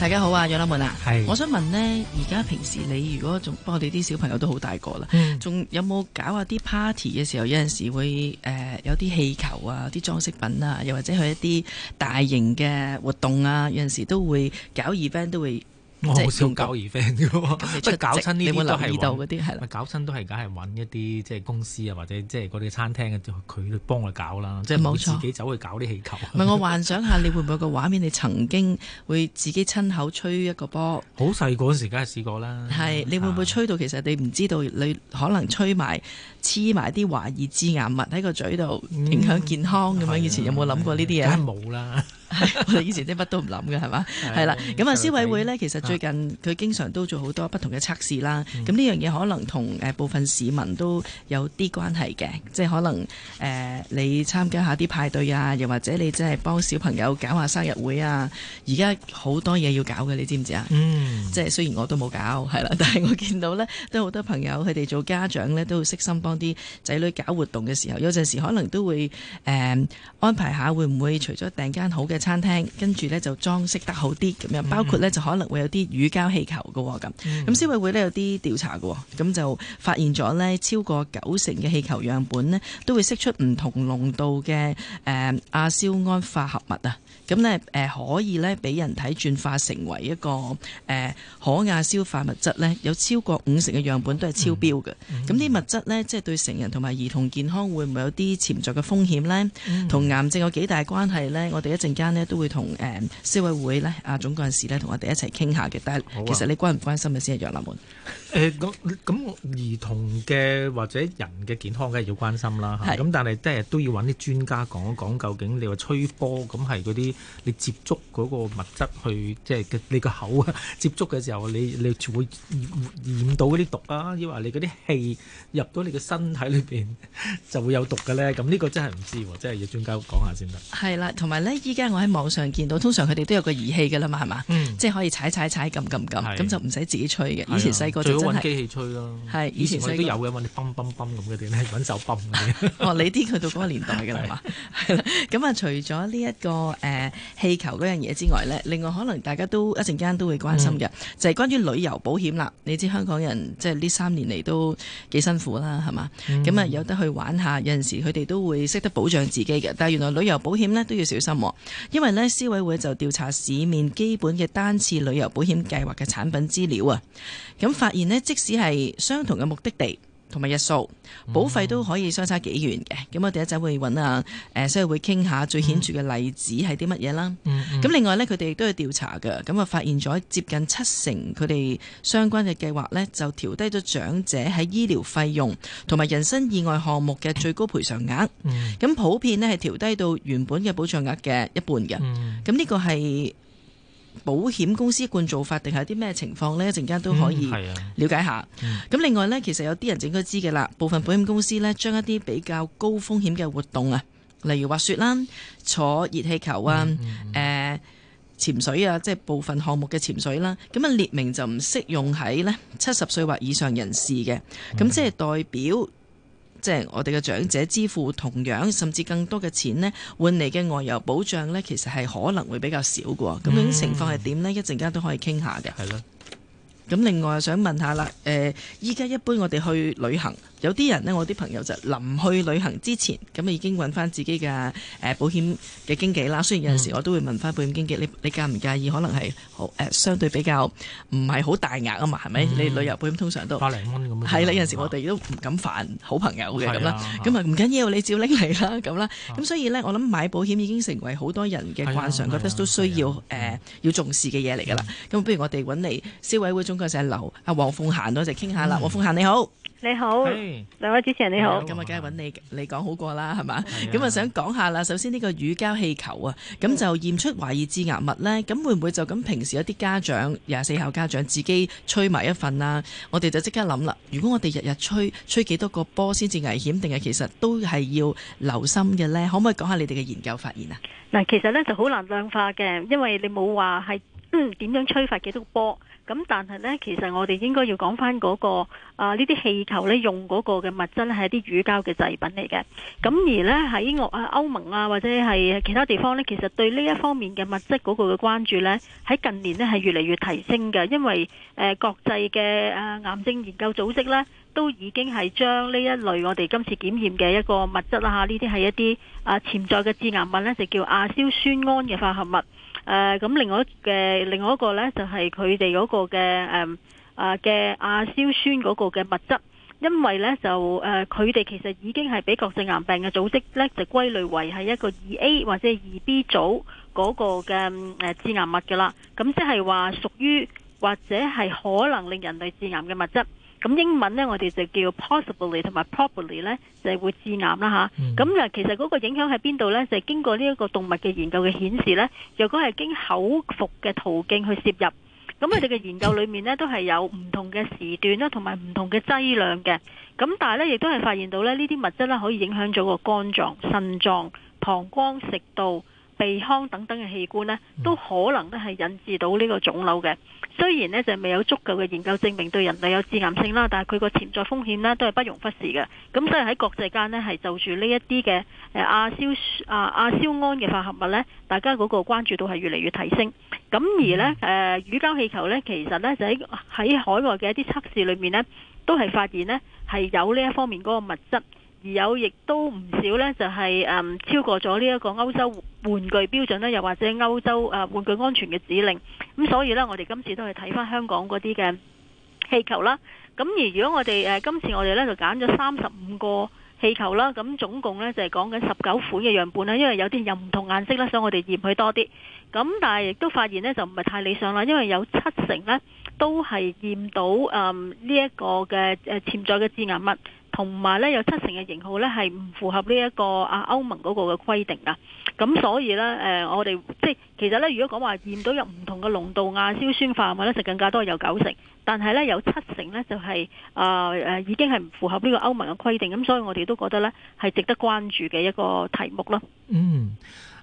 大家好啊，養老們啊，是我想問呢，而家平時你如果仲，幫我哋啲小朋友都好大個啦，仲是有冇搞下啲 party 嘅時候，有陣時會、呃、有啲氣球啊、啲裝飾品啊，又或者去一啲大型嘅活動啊，有陣時都會搞 event 都會。我好少搞耳返嘅，即係搞親呢啲都係揾嗰啲，係啦。搞親都係梗係揾一啲即係公司啊，或者即係嗰啲餐廳啊，佢幫我搞啦，即係冇錯，自己走去搞啲氣球。唔係我幻想下，你會唔會個畫面你曾經會自己親口吹一個波？好細嗰陣時，梗係試過啦。係你會唔會吹到？其實你唔知道，你可能吹埋黐埋啲懷疑致癌物喺個嘴度，嗯、影響健康咁樣。的以前有冇諗過呢啲嘢？梗係冇啦。 我哋以前啲乜都唔諗嘅係嘛，係啦。咁啊 吧，消委會呢，其實最近佢經常都做好多不同嘅測試啦。咁呢樣嘢可能同誒部分市民都有啲關係嘅，即係可能誒、呃、你參加下啲派對啊，又或者你真係幫小朋友搞下生日會啊。而家好多嘢要搞嘅，你知唔知啊？嗯，即係雖然我都冇搞，係啦，但係我見到呢，都好多朋友，佢哋做家長呢，都會悉心幫啲仔女搞活動嘅時候，有陣時可能都會誒、呃、安排下會唔會除咗訂間好嘅。餐廳跟住呢，就裝飾得好啲咁樣，包括呢，就可能會有啲乳膠氣球嘅咁。咁消、嗯、委會呢，有啲調查嘅，咁就發現咗呢，超過九成嘅氣球樣本呢，都會釋出唔同濃度嘅誒亞硝胺化合物啊。咁呢，誒、呃、可以呢，俾人體轉化成為一個誒、呃、可亞硝化物質呢，有超過五成嘅樣本都係超標嘅。咁啲、嗯嗯、物質呢，即係對成人同埋兒童健康會唔會有啲潛在嘅風險呢？同、嗯、癌症有幾大關係呢？我哋一陣間，都會同誒、嗯、消委會咧，阿總幹事咧同我哋一齊傾下嘅，但係其實你關唔關心嘅？先係楊立門。誒咁咁兒童嘅或者人嘅健康梗係要關心啦，咁是但係即係都要揾啲專家講一講，究竟你話吹波咁係嗰啲你接觸嗰個物質去，即、就、係、是、你個口接觸嘅時候你，你你會染到嗰啲毒啊？抑或你嗰啲氣入到你嘅身體裏邊就會有毒嘅咧？咁呢個真係唔知，真係要專家講下先得。係啦，同埋咧依家我。我喺網上見到，通常佢哋都有個儀器嘅啦嘛，係嘛，嗯、即係可以踩踩踩、撳撳撳，咁是的 就唔使自己吹嘅。以前細個就真係揾機器吹咯。係以前細個都有嘅，揾你啲泵泵泵咁嘅嘢咧，揾手泵、 哦。你啲去到嗰個年代嘅啦嘛。咁啊是的， 除咗呢一個誒氣、呃、球嗰樣嘢之外呢，另外可能大家都一陣間都會關心嘅，嗯、就係關於旅遊保險啦。你知香港人即係呢三年嚟都幾辛苦啦，係嘛？咁啊、嗯、有得去玩一下，有陣時佢哋都會識得保障自己嘅，但係原來旅遊保險呢，都要小心、啊。因為呢，消委會就調查市面基本嘅單次旅遊保險計劃嘅產品資料啊，咁發現呢，即使係相同嘅目的地，同埋日數，保費都可以相差幾元嘅，咁、嗯、我哋一陣會揾啊，誒、呃，所以會傾下最顯著嘅例子係啲乜嘢啦？咁、嗯嗯、另外呢，佢哋都去調查嘅，咁啊發現咗接近七成佢哋相關嘅計劃呢，就調低咗長者喺醫療費用同埋人身意外項目嘅最高賠償額。咁、嗯、普遍呢，係調低到原本嘅保障額嘅一半嘅。咁呢、嗯、個係。保險公司一貫做法定係啲咩情況呢？一陣間都可以了解一下。咁、嗯啊、另外呢，其實有啲人應該知嘅啦，部分保險公司呢將一啲比較高風險嘅活動啊，例如滑雪啦、坐熱氣球啊、誒、嗯嗯呃、潛水啊，即係部分項目嘅潛水啦，咁啊列明就唔適用喺呢七十歲或以上人士嘅。咁、嗯、即係代表。即係我哋嘅長者支付同樣甚至更多嘅錢呢，換嚟嘅外遊保障呢，其實係可能會比較少嘅。咁樣情況係點呢？Mm hmm. 一陣間都可以傾下嘅。係咯的。咁另外想問下啦，誒、呃，依家一般我哋去旅行。有啲人呢，我啲朋友就臨去旅行之前，咁啊已經揾翻自己嘅誒保險嘅經紀啦。雖然有陣時我都會問翻保險經紀，你介唔介意，可能係相對比較唔係好大額啊嘛，係咪？你旅遊保險通常都百零蚊咁。係有陣時我哋都唔敢煩好朋友嘅咁啦。咁啊唔緊要，你照拎嚟啦咁啦。咁所以呢，我諗買保險已經成為好多人嘅慣常，覺得都需要誒要重視嘅嘢嚟㗎啦。咁不如我哋搵嚟消委會總幹事劉阿黃鳳嫺就傾下啦。黃鳳嫺你好。你好，兩 Hey. 位主持人你好。咁啊、嗯，梗係揾你，你講好過啦，係嘛？咁啊，想講下啦。首先呢個乳膠氣球啊，咁就驗出懷疑致癌物呢，咁會唔會就咁平時有啲家長廿四孝家長自己吹埋一份啊？我哋就即刻諗啦。如果我哋日日吹，吹幾多個波先至危險，定係其實都係要留心嘅呢？可唔可以講下你哋嘅研究發現啊？嗱，其實呢就好難量化嘅，因為你冇話係點樣吹發幾多個波。咁但係呢，其實我哋應該要講翻嗰、嗰個啊，呢啲氣球呢用嗰個嘅物質呢係一啲乳膠嘅製品嚟嘅。咁而呢，喺英國啊、歐盟啊或者係其他地方呢，其實對呢一方面嘅物質嗰個嘅關注呢，喺近年呢係越嚟越提升嘅，因為誒、呃、國際嘅誒、啊、癌症研究組織呢，都已經係將呢一類我哋今次檢驗嘅一個物質啦，呢啲係一啲啊潛在嘅致癌物呢就叫亞硝酸胺嘅化合物。誒咁，呃、另外嘅另外一個呢，就係佢哋嗰個嘅誒嘅亞硝酸嗰個嘅物質，因為呢，就誒佢哋其實已經係俾角性癌病嘅組織呢，就歸類為係一個二 A 或者二 B 組嗰個嘅誒致癌物㗎啦，咁即係話屬於。或者係可能令人類致癌嘅物質，咁英文呢，我哋就叫 possibly 同埋 probably 呢就係、是、會致癌啦吓，咁啊、嗯、其實嗰個影響喺邊度呢？就係、是、經過呢一個動物嘅研究嘅顯示呢，若果係經口服嘅途徑去攝入，咁佢哋嘅研究裏面呢，都係有唔同嘅時段啦，同埋唔同嘅劑量嘅。咁但係呢，亦都係發現到呢呢啲物質呢，可以影響咗個肝臟、腎臟、膀胱、食道。鼻腔等等嘅器官呢，都可能都係引致到呢個腫瘤嘅。雖然呢，就未有足夠嘅研究證明對人類有致癌性啦，但係佢個潛在風險呢，都係不容忽視嘅。咁所以喺國際間呢，係就住呢一啲嘅誒亞硝啊亞硝胺嘅化合物呢，大家嗰個關注度係越嚟越提升。咁而呢，誒乳膠氣球呢，其實呢，就喺喺海外嘅一啲測試裏面呢，都係發現呢，係有呢一方面嗰個物質。而有亦都唔少呢，就係誒超過咗呢一個歐洲玩具標準呢，又或者歐洲誒玩具安全嘅指令。咁所以呢，我哋今次都係睇返香港嗰啲嘅氣球啦。咁而如果我哋誒今次我哋呢就揀咗三十五個氣球啦，咁總共呢就係講緊十九款嘅樣本啦。因為有啲有唔同顏色啦，所以我哋驗佢多啲。咁但係亦都發現呢，就唔係太理想啦，因為有七成呢都係驗到誒呢一個嘅誒潛在嘅致癌物。同埋咧有七成嘅型號咧係唔符合呢一個啊歐盟嗰個嘅規定噶，咁所以咧、呃、我哋即係其實咧如果講話驗到有唔同嘅濃度亞硝酸化物咧，就更加多有九成，但係咧有七成咧就係、呃呃、已經係唔符合呢個歐盟嘅規定，咁所以我哋都覺得咧係值得關注嘅一個題目咯。嗯。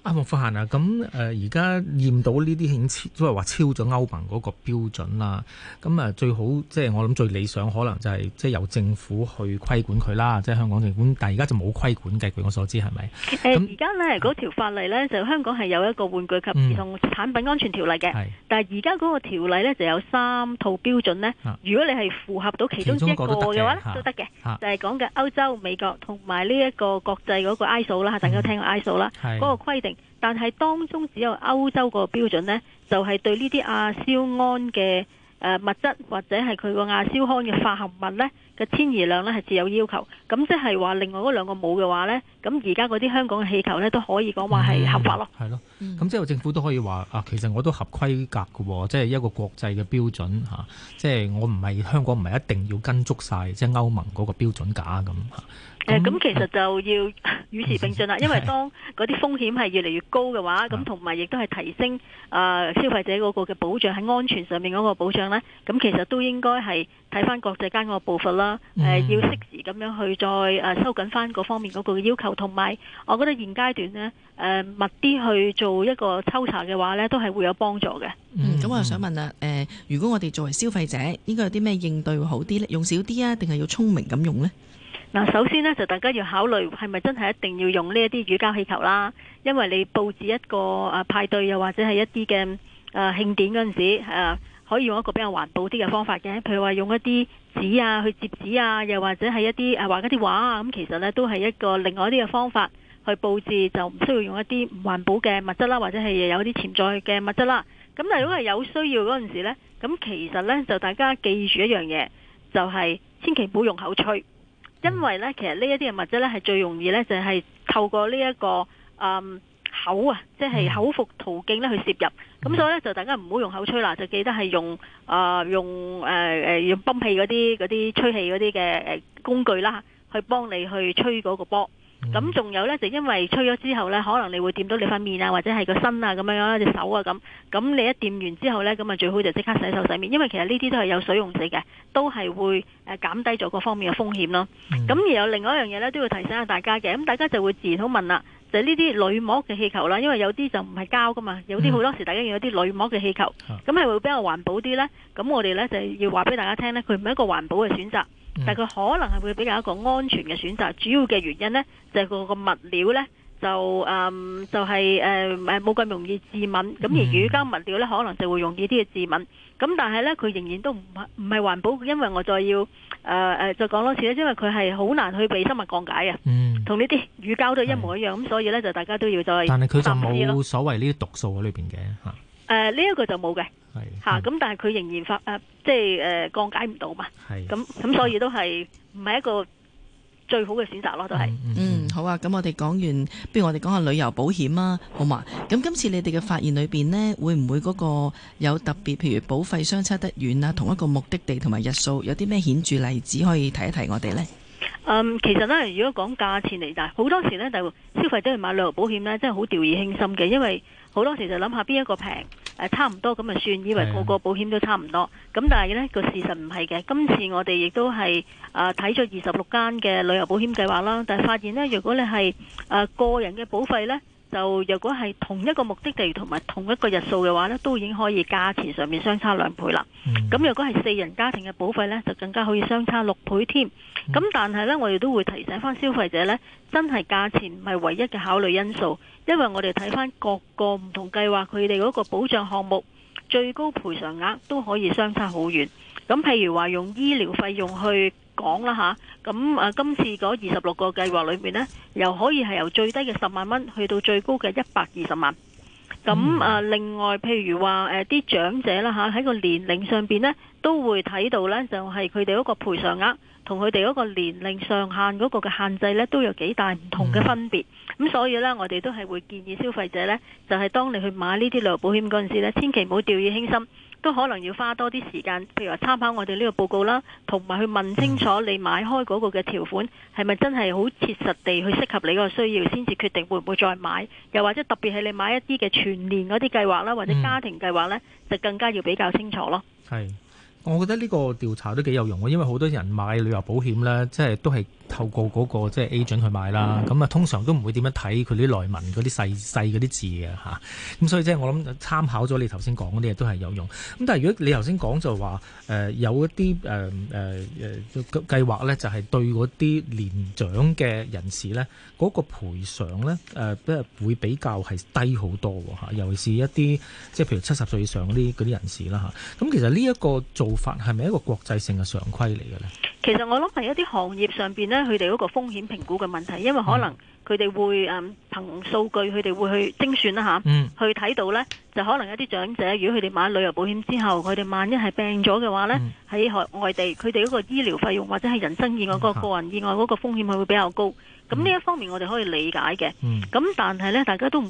阿莫啊，咁誒而家驗到呢啲險超都係話超咗歐盟嗰個標準啦，咁啊最好即係我諗最理想可能就係即係由政府去規管佢啦，即係香港政府管，但而家就冇規管嘅，據我所知係咪？而家呢嗰、啊、條法例呢，就香港係有一個玩具及兒童產品安全條例嘅。嗯、但而家嗰個條例呢，就有三套標準呢。啊、如果你係符合到其中一個嘅話個都得嘅，啊啊、就係講嘅歐洲、美國同埋呢一個國際嗰個 ISO 啦、嗯，大家聽過 ISO 啦，嗰、嗯、個規定。但係當中只有歐洲個標準呢，就係、是、對呢啲亞硝胺嘅誒物質或者係佢個亞硝胺嘅化合物呢，嘅遷移量呢係自有要求。咁即係話另外嗰兩個冇嘅話呢，咁而家嗰啲香港嘅氣球呢，都可以講話係合法咯。係咯、嗯，咁即係政府都可以話啊，其實我都合規格嘅，即、就、係、是、一個國際嘅標準吓，即、啊、係、就是、我唔係香港唔係一定要跟足晒即係歐盟嗰個標準架咁吓。啊誒，咁、嗯、其實就要與時並進啦，因為當嗰啲風險係越嚟越高嘅話，咁同埋亦都係提升誒消費者嗰個嘅保障喺安全上面嗰個保障呢，咁其實都應該係睇翻國際間嗰個步伐啦，係要適時咁樣去再誒收緊翻各方面嗰個要求，同埋我覺得現階段呢，誒密啲去做一個抽查嘅話呢，都係會有幫助嘅。咁、嗯、我又想問啦，誒、呃，如果我哋作為消費者，應該有啲咩應對會好啲呢？用少啲啊，定係要聰明咁用呢？嗱，首先呢，就大家要考慮係咪真係一定要用呢一啲乳膠氣球啦？因為你布置一個誒派對又或者係一啲嘅誒慶典嗰陣時誒、啊，可以用一個比較環保啲嘅方法嘅，譬如話用一啲紙啊去折紙啊，又或者係一啲誒畫一啲畫啊。咁其實呢，都係一個另外一啲嘅方法去布置，就唔需要用一啲唔環保嘅物質啦，或者係有啲潛在嘅物質啦。咁但係如果係有需要嗰陣時呢，咁其實呢，就大家記住一樣嘢，就係、是、千祈唔好用口吹。因為咧，其實呢一啲嘅物質咧，係最容易咧，就係、是、透過呢、這、一個誒、嗯、口啊，即、就、係、是、口服途徑咧去攝入。咁所以咧，就大家唔好用口吹啦，就記得係用啊、呃、用誒誒、呃、用泵氣嗰啲嗰啲吹氣嗰啲嘅誒工具啦，去幫你去吹嗰個波。咁仲、嗯、有呢，就因為吹咗之後呢，可能你會掂到你塊面啊，或者係個身啊，咁樣樣隻手啊咁，咁你一掂完之後呢，咁啊最好就即刻洗手洗面，因為其實呢啲都係有水溶性嘅，都係會減低咗各方面嘅風險咯。咁而有另外一樣嘢呢，都要提醒下大家嘅，咁大家就會自然好問啦，就係呢啲鋁膜嘅氣球啦，因為有啲就唔係膠㗎嘛，有啲好多時大家用有啲鋁膜嘅氣球，咁係、嗯、會比較環保啲呢？咁我哋呢，就要話俾大家聽呢，佢唔係一個環保嘅選擇。但係佢可能係會比較一個安全嘅選擇，主要嘅原因呢、呃，就係個個物料呢，就誒就係誒冇咁容易致敏，咁而乳膠物料呢，可能就會容易啲嘅致敏，咁但係呢，佢仍然都唔唔係環保，因為我再要誒誒、呃、再講多次咧，因為佢係好難去被生物降解嘅，嗯，同呢啲乳膠都一模一樣，咁所以呢，就大家都要再但係佢就冇所謂呢啲毒素喺裏邊嘅吓。誒，呢一、呃這個就冇嘅，吓咁是、啊，但係佢仍然發誒、呃，即係誒、呃，降解唔到嘛，咁咁是、嗯，所以都係唔係一個最好嘅選擇咯，都係。嗯，嗯，嗯，嗯，好啊，咁我哋講完，不如我哋講下旅遊保險啊，好嘛？咁今次你哋嘅發現裏邊呢，會唔會嗰個有特別，譬如保費相差得遠啊，同一個目的地同埋日數，有啲咩顯著例子可以提一提我哋呢？嗯，其實咧，如果講價錢嚟，但係好多時咧就消費者買旅遊保險咧，真係好掉以輕心嘅，因為好多時就諗下邊一個平、呃，差唔多咁就算，以為個個保險都差唔多，咁但係呢個事實唔係嘅。今次我哋亦都係啊睇咗二十六間嘅旅遊保險計劃啦，但係發現呢，如果你係誒、呃、個人嘅保費呢，就如果係同一個目的地同埋同一個日數嘅話，都已經可以價錢上面相差兩倍啦。咁、嗯、如果係四人家庭嘅保費呢，就更加可以相差六倍添。咁但係呢，我哋都會提醒翻消費者呢，真係價錢唔係唯一嘅考慮因素，因為我哋睇翻各個唔同計劃，佢哋嗰個保障項目最高賠償額都可以相差好遠。咁譬如話用醫療費用去。講啦吓，咁啊，今次嗰二十六個計劃裏邊咧，又可以係由最低嘅十萬蚊去到最高嘅一百二十萬。咁啊，另外譬如話誒，啲長者啦吓，喺個年齡上邊咧，都會睇到咧，就係佢哋嗰個賠償額。同佢哋嗰個年齡上限嗰個嘅限制咧，都有幾大唔同嘅分別。咁所以咧，我哋都係會建議消費者咧，就係當你去買呢啲旅遊保險嗰陣時咧，千祈唔好掉以輕心，都可能要花多啲時間，譬如話參考我哋呢個報告啦，同埋去問清楚你買開嗰個嘅條款係咪真係好切實地去適合你個需要，先至決定會唔會再買。又或者特別係你買一啲嘅全年嗰啲計劃啦，或者家庭計劃咧，就更加要比較清楚咯。係。我覺得呢個調查都幾有用喎，因為好多人買旅遊保險咧，即係都係透過嗰、那個即係 agent 去買啦。咁啊，通常都唔會點樣睇佢啲內文嗰啲細細嗰啲字嘅嚇。咁、啊、所以即係我諗參考咗你頭先講嗰啲嘢都係有用。咁但係如果你頭先講就話誒、呃、有一啲誒誒誒計劃咧，就係、是、對嗰啲年長嘅人士咧，嗰、那個賠償咧誒，即、呃、係會比較係低好多喎、啊、尤其是一啲即係譬如七十歲以上嗰啲嗰啲人士啦嚇。咁、啊、其實呢一個做法係咪一個國際性嘅常規嚟嘅咧？其實我諗係一啲行業上邊咧，佢哋嗰個風險評估嘅問題，因為可能佢哋會誒憑數據，佢哋會去精算啦吓，嗯、去睇到咧就可能一啲長者，如果佢哋買咗旅遊保險之後，佢哋萬一係病咗嘅話咧。嗯喺外地，佢哋嗰個醫療費用或者係人身意外嗰、嗰個個人意外嗰個風險係會比較高。咁呢一方面我哋可以理解嘅。咁、嗯、但係呢，大家都不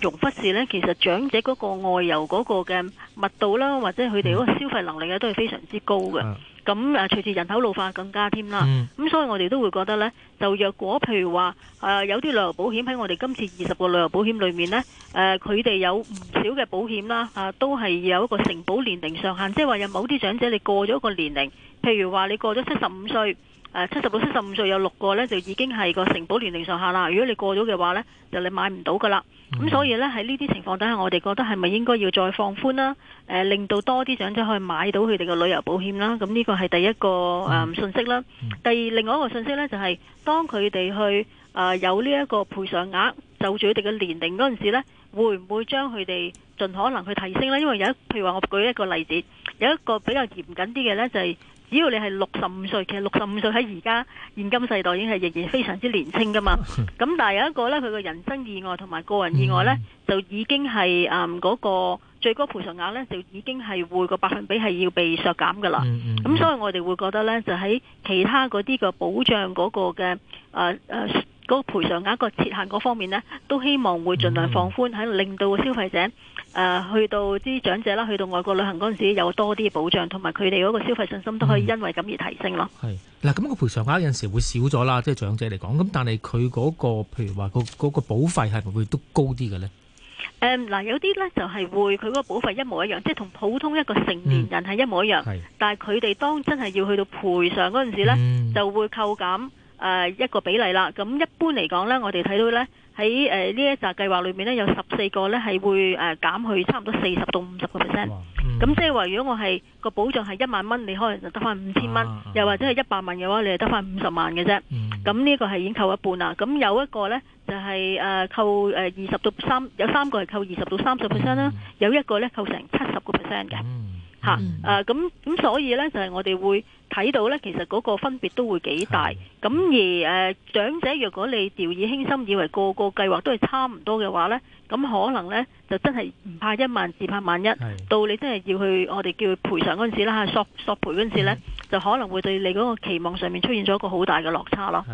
容忽視呢。其實長者嗰個外遊嗰個嘅密度啦，或者佢哋嗰個消費能力呢，都係非常之高嘅。嗯咁誒，隨住人口老化更加添啦，咁所以我哋都會覺得呢，就若果譬如話誒，有啲旅遊保險喺我哋今次二十個旅遊保險裏面呢，誒佢哋有唔少嘅保險啦，啊都係有一個承保年齡上限，即係話有某啲長者你過咗個年齡，譬如話你過咗七十五歲。誒七十到七十五歲有六個呢，就已經係個承保年齡上限啦。如果你過咗嘅話呢，就你買唔到噶啦。咁、嗯、所以呢，喺呢啲情況底下，我哋覺得係咪應該要再放寬啦、啊呃？令到多啲長者可以買到佢哋嘅旅遊保險啦、啊。咁呢個係第一個誒、呃、信息啦、啊。第二，另外一個信息呢，就係、是、當佢哋去誒、呃、有呢一個賠償額就住佢哋嘅年齡嗰陣時呢，會唔會將佢哋盡可能去提升呢？因為有一個譬如話，我舉一個例子，有一個比較嚴謹啲嘅呢，就係、是。只要你係六十五歲，其實，六十五歲喺而家現今世代已經係仍然非常之年青噶嘛。咁但係有一個呢，佢嘅人生意外同埋個人意外呢，就已經係誒嗰個最高賠償額呢，就已經係會、個百分比係要被削減噶啦。咁、嗯嗯嗯嗯、所以我哋會覺得呢，就喺其他嗰啲嘅保障嗰個嘅誒誒。呃呃嗰個賠償額個設限嗰方面咧，都希望會儘量放寬，喺令到個消費者誒去到啲長者啦，去到外國旅行嗰陣時有多啲保障，同埋佢哋嗰個消費信心都可以因為咁而提升咯。係嗱，咁個賠償額有陣時會少咗啦，即係長者嚟講。咁但係佢嗰個譬如話個嗰個保費係咪會都高啲嘅咧？誒嗱，有啲咧就係會佢嗰個保費一模一樣，即係同普通一個成年人係一模一樣。係，但係佢哋當真係要去到賠償嗰陣時咧，就會扣減。誒、呃、一個比例啦，咁一般嚟講呢，我哋睇到呢喺誒呢一集計劃裏面呢，有十四個呢係會誒、呃、減去差唔多四十到五十個 percent，咁即係話如果我係個保障係一萬蚊，你可能就得返五千蚊，啊、又或者係一百萬嘅話，你係得返五十萬嘅啫，咁呢、嗯、個係已經扣一半啦，咁有一個呢就係、是、誒扣誒二十到三有三個係扣二十到三十 percent 啦，啊嗯、有一個呢扣成七十個 percent 嘅。吓，誒、嗯，咁咁、啊、所以呢，就係、是、我哋會睇到呢，其實嗰個分別都會幾大，咁的而誒、呃，長者若果你掉以輕心，以為個個計劃都係差唔多嘅話呢，咁可能呢，就真係唔怕一萬，至怕萬一，的到你真係要去我哋叫賠償嗰陣時啦、啊、索索賠嗰陣時呢的就可能會對你嗰個期望上面出現咗一個好大嘅落差咯。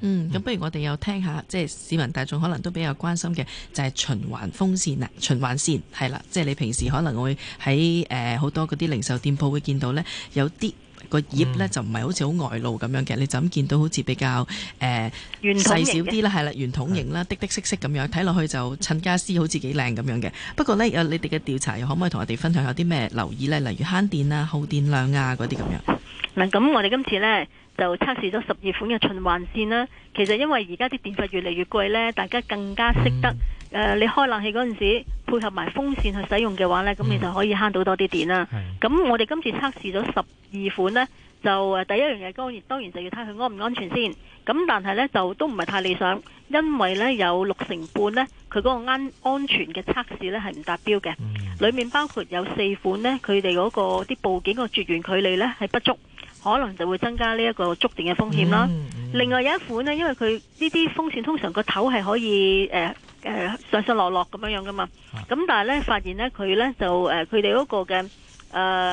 嗯，咁不如我哋又聽下，即係市民大眾可能都比較關心嘅，就係、是、循環風扇啦，循環扇係啦，即係你平時可能會喺誒好多嗰啲零售店鋪會見到呢，有啲個葉呢就唔係好似好外露咁樣嘅，你就咁見到好似比較誒、呃、細小啲啦，係啦，圓筒形啦，的滴滴色色咁樣，睇落去就襯家私好似幾靚咁樣嘅。不過呢，有你哋嘅調查，又可唔可以同我哋分享下啲咩留意呢？例如慳電啊、耗電量啊嗰啲咁樣。嗱，咁我哋今次呢，就測試咗十二款嘅循環線啦。其實因為而家啲電費越嚟越貴呢，大家更加識得誒、嗯呃，你開冷氣嗰陣時配合埋風扇去使用嘅話呢，咁你就可以慳到多啲電啦。咁、嗯、我哋今次測試咗十二款呢，就第一樣嘢當然當然就要睇佢安唔安全先。咁但係呢，就都唔係太理想，因為呢有六成半呢，佢嗰個安安全嘅測試呢係唔達標嘅。嗯、裏面包括有四款呢，佢哋嗰個啲部件個絕緣距離呢係不足。可能就會增加呢一個觸電嘅風險啦。嗯嗯、另外有一款呢，因為佢呢啲風扇通常個頭係可以誒誒、呃呃、上上落落咁樣樣㗎嘛。咁、嗯、但係呢，發現呢，佢呢就誒佢哋嗰個嘅誒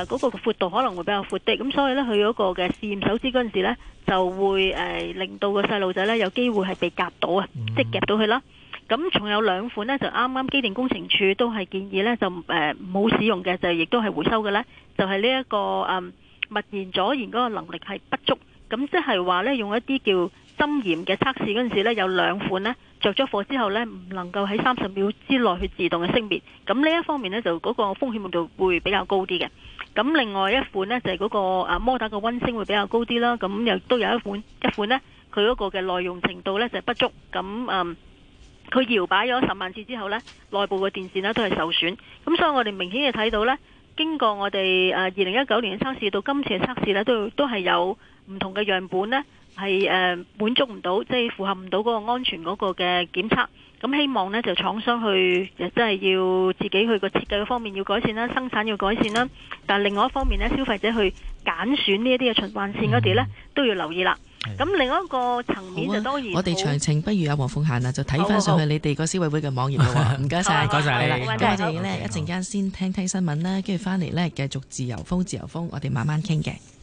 嗰個闊度可能會比較闊啲，咁所以呢，佢嗰個嘅試驗手指嗰陣時呢，就會誒、呃、令到個細路仔呢，有機會係被夾到啊，嗯、即係夾到佢啦。咁仲有兩款呢，就啱啱機電工程署都係建議呢，就誒冇、呃、使用嘅，就亦都係回收嘅呢就係呢一個嗯。默然阻燃嗰個能力係不足，咁即係話咧用一啲叫針焰嘅測試嗰陣時咧，有兩款咧著咗火之後咧，唔能夠喺三十秒之內去自動嘅熄滅，咁呢一方面咧就嗰個風險度就會比較高啲嘅。咁另外一款咧就係嗰個啊摩打嘅溫升會比較高啲啦，咁又都有一款一款咧佢嗰個嘅耐用程度咧就不足，咁啊佢搖擺咗十萬次之後咧內部嘅電線咧都係受損，咁所以我哋明顯嘅睇到咧。經過我哋誒二零一九年嘅測試到今次嘅測試呢，都都係有唔同嘅樣本呢，係誒、呃、滿足唔到，即、就、係、是、符合唔到嗰個安全嗰個嘅檢測。咁希望呢，就廠商去即真係要自己去個設計方面要改善啦，生產要改善啦。但另外一方面呢，消費者去揀選呢一啲嘅循環線嗰啲咧，都要留意啦。咁另一個層面就當然、啊，我哋詳情不如阿黃鳳嫺啦，就睇翻上去你哋個消委會嘅網頁啦，唔該晒，唔該曬啦。咁我哋咧一陣間先聽聽新聞啦，跟住翻嚟咧繼續自由風自由風，我哋慢慢傾嘅。嗯